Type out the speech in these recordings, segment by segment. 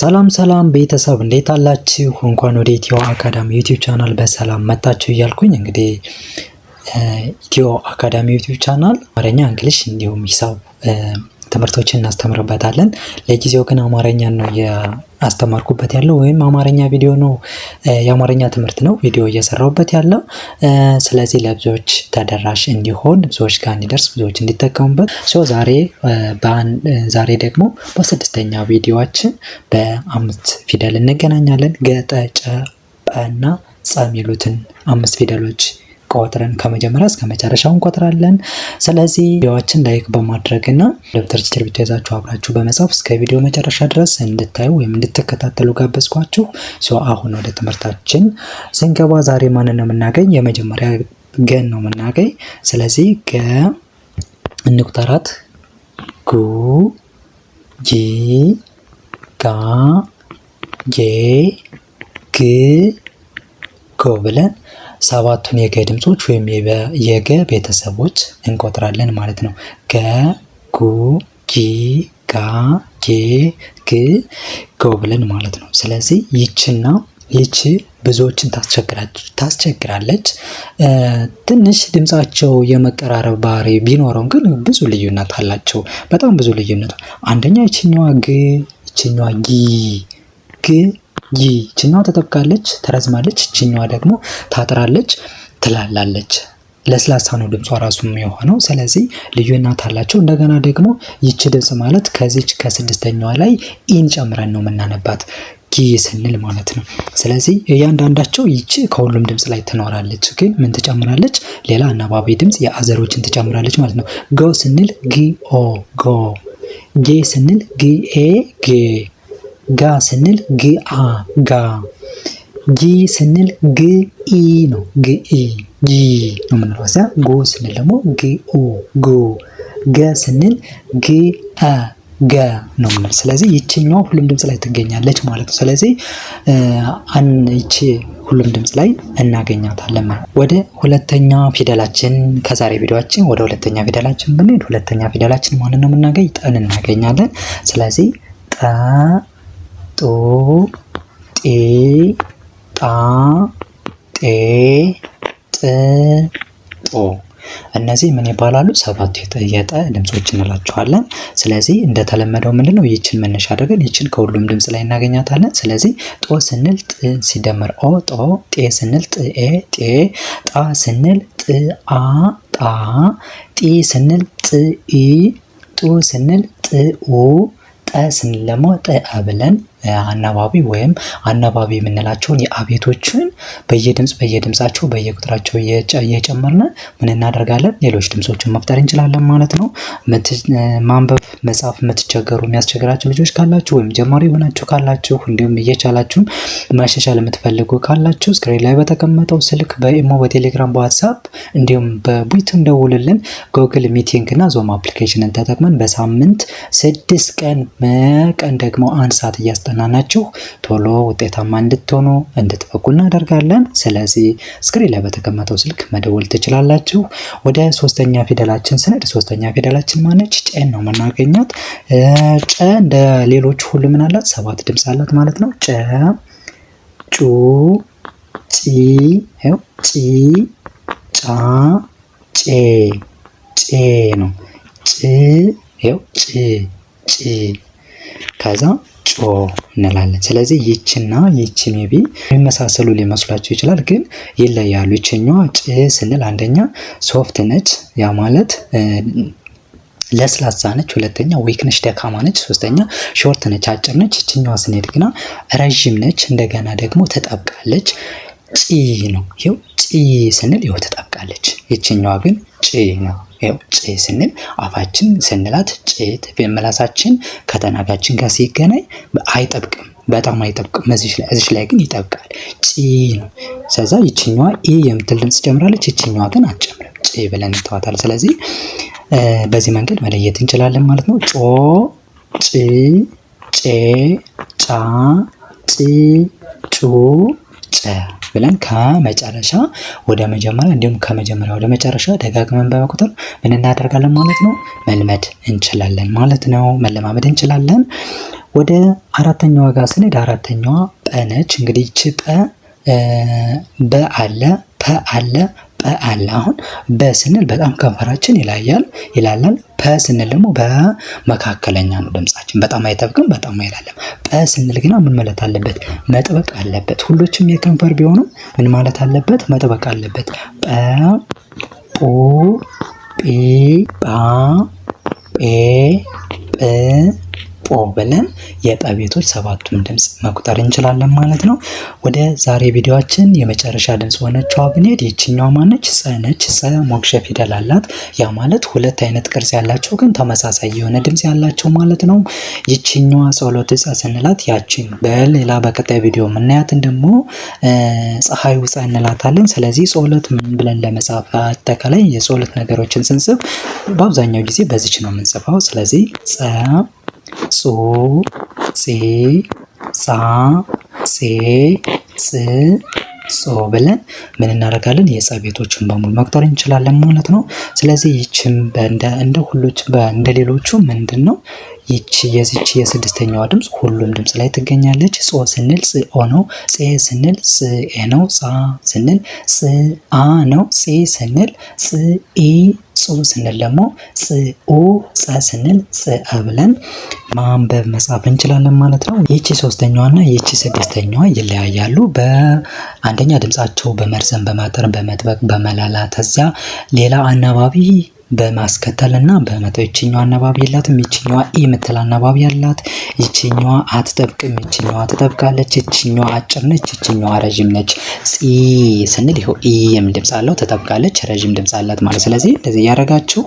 ሰላም ሰላም ቤተሰብ እንዴት አላችሁ? እንኳን ወደ ኢትዮ አካዳሚ ዩቲዩብ ቻናል በሰላም መጣችሁ እያልኩኝ እንግዲህ ኢትዮ አካዳሚ ዩቲዩብ ቻናል አማርኛ፣ እንግሊሽ እንዲሁም ሂሳብ ትምህርቶችን እናስተምርበታለን። ለጊዜው ግን አማርኛ ነው አስተማርኩበት ያለው ወይም አማርኛ ቪዲዮ ነው የአማርኛ ትምህርት ነው ቪዲዮ እየሰራሁበት ያለው። ስለዚህ ለብዙዎች ተደራሽ እንዲሆን ብዙዎች ጋር እንዲደርስ ብዙዎች እንዲጠቀሙበት ዛሬ ዛሬ ደግሞ በስድስተኛ ቪዲዮችን በአምስት ፊደል እንገናኛለን። ገጠጨ ጨ እና ጸ የሚሉትን አምስት ፊደሎች ቆጥረን ከመጀመሪያ እስከ መጨረሻው እንቆጥራለን። ስለዚህ ቪዲዮዎችን ላይክ በማድረግ እና ደብተር ችር ብትይዛችሁ አብራችሁ በመጻፍ እስከ ቪዲዮ መጨረሻ ድረስ እንድታዩ ወይም እንድትከታተሉ ጋበዝኳችሁ። አሁን ወደ ትምህርታችን ስንገባ ዛሬ ማንን ነው የምናገኝ? የመጀመሪያ ገን ነው የምናገኝ። ስለዚህ ገ እንቁጠራት ጉ ጊ ጋ ጌ ግ ጎ ብለን ሰባቱን የገ ድምጾች ወይም የገ ቤተሰቦች እንቆጥራለን ማለት ነው። ገ፣ ጉ፣ ጊ፣ ጋ፣ ጌ፣ ግ፣ ጎ ብለን ማለት ነው። ስለዚህ ይችና ይቺ ብዙዎችን ታስቸግራለች። ትንሽ ድምፃቸው የመቀራረብ ባህሪ ቢኖረውም ግን ብዙ ልዩነት አላቸው። በጣም ብዙ ልዩነት። አንደኛ ይችኛዋ ግ፣ ይችኛዋ ጊ፣ ግ ይችኛዋ ተጠብቃለች ተረዝማለች፣ ችኛዋ ደግሞ ታጥራለች ትላላለች። ለስላሳ ነው ድምጿ ራሱ የሆነው። ስለዚህ ልዩነት አላቸው። እንደገና ደግሞ ይቺ ድምፅ ማለት ከዚች ከስድስተኛዋ ላይ ኢን ጨምረን ነው የምናነባት ጊ ስንል ማለት ነው። ስለዚህ እያንዳንዳቸው ይቺ ከሁሉም ድምፅ ላይ ትኖራለች፣ ግን ምን ትጨምራለች? ሌላ አናባቢ ድምፅ የአዘሮችን ትጨምራለች ማለት ነው። ጎ ስንል ጊ ኦ ጎ፣ ጌ ስንል ጊ ኤ ጌ ጋ ስንል ግአ ጋ ጂ ስንል ግኢ ነው። ግኢ ጂ ነው የምንለው። እዚያ ጎ ስንል ደግሞ ግኡ ጎ። ገ ስንል ግአ ገ ነው ምንል። ስለዚህ ይችኛው ሁሉም ድምፅ ላይ ትገኛለች ማለት ነው። ስለዚህ ይች ሁሉም ድምፅ ላይ እናገኛታለን። ወደ ሁለተኛ ፊደላችን ከዛሬ ቪዲዮችን ወደ ሁለተኛ ፊደላችን ብንሄድ ሁለተኛ ፊደላችን ማንን ነው የምናገኝ ጠን እናገኛለን። ስለዚህ ጠ ጡ ጢ ጣ ጤ ጥ ጦ እነዚህ ምን ይባላሉ? ሰባቱ የጠየጠ ድምጾች እንላቸዋለን። ስለዚህ እንደተለመደው ምንድነው ይችን መነሻ አድርገን ይችን ከሁሉም ድምፅ ላይ እናገኛታለን። ስለዚህ ጦ ስንል ጥ ሲደመር ኦ ጦ፣ ጤ ስንል ጥኤ ጤ፣ ጣ ስንል አ ጣ፣ ጢ ስንል ጥኢ፣ ጡ ስንል ኡ፣ ጠ ስንል ደግሞ ጠአ ብለን አናባቢ ወይም አናባቢ የምንላቸውን የአቤቶችን በየድምፅ በየድምፃቸው በየቁጥራቸው እየጨመርን ምን እናደርጋለን? ሌሎች ድምፆችን መፍጠር እንችላለን ማለት ነው። ማንበብ መጻፍ የምትቸገሩ የሚያስቸግራቸው ልጆች ካላችሁ ወይም ጀማሪ የሆናችሁ ካላችሁ እንዲሁም እየቻላችሁም ማሻሻል የምትፈልጉ ካላችሁ ስክሪን ላይ በተቀመጠው ስልክ በኢሞ በቴሌግራም በዋትሳፕ እንዲሁም በቡት እንደውልልን ጎግል ሚቲንግ እና ዞም አፕሊኬሽንን ተጠቅመን በሳምንት ስድስት ቀን መቀን ደግሞ አንድ ሰዓት እያስ እያስጠናናችሁ ቶሎ ውጤታማ እንድትሆኑ እንድትበቁ እናደርጋለን። ስለዚህ ስክሪን ላይ በተቀመጠው ስልክ መደወል ትችላላችሁ። ወደ ሶስተኛ ፊደላችን ስንሄድ ሶስተኛ ፊደላችን ማነች? ጨን ነው የምናገኛት። ጨ እንደ ሌሎች ሁሉ ምን አላት? ሰባት ድምፅ አላት ማለት ነው። ጨ ጩ ጪ ጪ ጫ ጬ ጬ ነው ጭ ው ጭ ጭ ከዛ ኦ እንላለን። ስለዚህ ይችና ይች ሜቢ የሚመሳሰሉ ሊመስሏቸው ይችላል፣ ግን ይለያሉ። ይችኛዋ ጭ ስንል አንደኛ ሶፍት ነች፣ ያ ማለት ለስላሳ ነች። ሁለተኛ ዊክ ነች፣ ደካማ ነች። ሶስተኛ ሾርት ነች፣ አጭር ነች። ይችኛዋ ስንሄድ ግና ረዥም ነች፣ እንደገና ደግሞ ተጠብቃለች። ጭ ነው ይው ጭ ስንል ይው ተጠብቃለች። ይችኛዋ ግን ጭ ነው። ያው ጭ ስንል አፋችን ስንላት ጭት ምላሳችን ከተናጋችን ጋር ሲገናኝ አይጠብቅም፣ በጣም አይጠብቅም። እዚች ላይ ግን ይጠብቃል። ጭ ነው። ስለዛ ይችኛዋ ኢ የምትል ድምፅ ጨምራለች፣ ይችኛዋ ግን አትጨምርም። ጭ ብለን እንተዋታል። ስለዚህ በዚህ መንገድ መለየት እንችላለን ማለት ነው። ጮ፣ ጭ፣ ጬ፣ ጫ፣ ጭ፣ ጩ፣ ጨ ብለን ከመጨረሻ ወደ መጀመሪያ እንዲሁም ከመጀመሪያ ወደ መጨረሻ ደጋግመን በመቁጠር ምን እናደርጋለን ማለት ነው መልመድ እንችላለን ማለት ነው። መለማመድ እንችላለን። ወደ አራተኛዋ ጋር ስንሄድ አራተኛዋ ጠነች። እንግዲህ ች ጠ በአለ ፐ አለ በ አለ። አሁን በ ስንል በጣም ከንፈራችን ይላያል ይላላል። ፐ ስንል ደግሞ በመካከለኛ ነው ድምጻችን፣ በጣም አይጠብቅም፣ በጣም አይላለም። ፐ ስንል ግና ምን ማለት አለበት? መጥበቅ አለበት። ሁሎችም የከንፈር ቢሆኑም ምን ማለት አለበት? መጥበቅ አለበት። ጰ ጱ ጲ ጳ ጴ ጵ ጶ ብለን የጰ ቤቶች ሰባቱም ድምፅ መቁጠር እንችላለን ማለት ነው። ወደ ዛሬ ቪዲዮችን የመጨረሻ ድምፅ ሆነችዋ ብንሄድ ይችኛው ማነች? ፀ ነች። ፀ ሞክሸ ፊደል አላት። ያ ማለት ሁለት አይነት ቅርጽ ያላቸው ግን ተመሳሳይ የሆነ ድምፅ ያላቸው ማለት ነው። ይችኛዋ ጸሎት ፀ ስንላት ያችን በሌላ በቀጣይ ቪዲዮ ምናያትን ደግሞ ፀሐዩ ፀ እንላታለን። ስለዚህ ጸሎት ምን ብለን ለመጻፍ አጠቃላይ የጸሎት ነገሮችን ስንጽፍ በአብዛኛው ጊዜ በዚች ነው የምንጽፈው። ስለዚህ ፀ ጹ ጺ ጻ ጼ ጽ ጾ ብለን ምን እናደርጋለን? የጸ ቤቶችን በሙሉ መቁጠር እንችላለን ማለት ነው። ስለዚህ ይችም እንደ ሁሎች እንደ ሌሎቹ ምንድን ነው ይቺ የዚች የስድስተኛዋ ድምፅ ሁሉም ድምፅ ላይ ትገኛለች። ጾ ስንል ጽኦ ነው። ጼ ስንል ጽኤ ነው። ጻ ስንል ጽአ ነው። ጺ ስንል ጽኢ ጽ ስንል ደግሞ ጽኡ ጸ ስንል ጽአ ብለን ማንበብ መጻፍ እንችላለን ማለት ነው። ይቺ ሶስተኛዋና ይቺ ስድስተኛዋ ይለያያሉ። በአንደኛ ድምጻቸው በመርዘም በማጠር በመጥበቅ በመላላ ተዚያ ሌላ አናባቢ በማስከተል እና በመተው ይችኛዋ አናባቢ ያላት ይችኛዋ ኢ የምትል አነባቢ ያላት፣ ይችኛዋ አትጠብቅም፣ ይችኛዋ ትጠብቃለች፣ ይችኛዋ አጭር ነች፣ ይችኛዋ ረዥም ነች። ጺ ስንል ይኸው ኢ የሚል ድምፅ አለው፣ ትጠብቃለች፣ ረዥም ድምፅ አላት ማለት። ስለዚህ እንደዚህ እያደረጋችሁ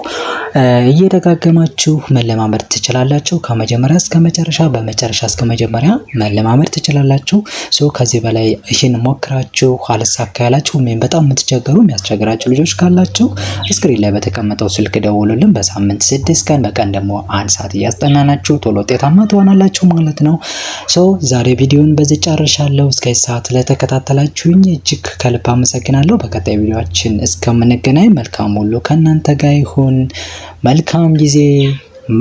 እየደጋገማችሁ መለማመድ ትችላላችሁ። ከመጀመሪያ እስከ መጨረሻ፣ በመጨረሻ እስከ መጀመሪያ መለማመድ ትችላላችሁ። ሶ ከዚህ በላይ ይህን ሞክራችሁ አልሳካ ያላችሁ ወይም በጣም የምትቸገሩ የሚያስቸግራችሁ ልጆች ካላችሁ ስክሪን ላይ በተቀመጠው ስልክ ደውሉልን። በሳምንት ስድስት ቀን በቀን ደግሞ አንድ ሰዓት እያስጠናናችሁ ቶሎ ውጤታማ ትሆናላችሁ ማለት ነው። ሶ ዛሬ ቪዲዮን በዚህ ጨርሻለሁ። እስከ ሰዓት ለተከታተላችሁኝ እጅግ ከልብ አመሰግናለሁ። በቀጣይ ቪዲዮችን እስከምንገናኝ መልካም ሁሉ ከእናንተ ጋር ይሁን። መልካም ጊዜ፣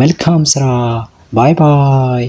መልካም ስራ። ባይ ባይ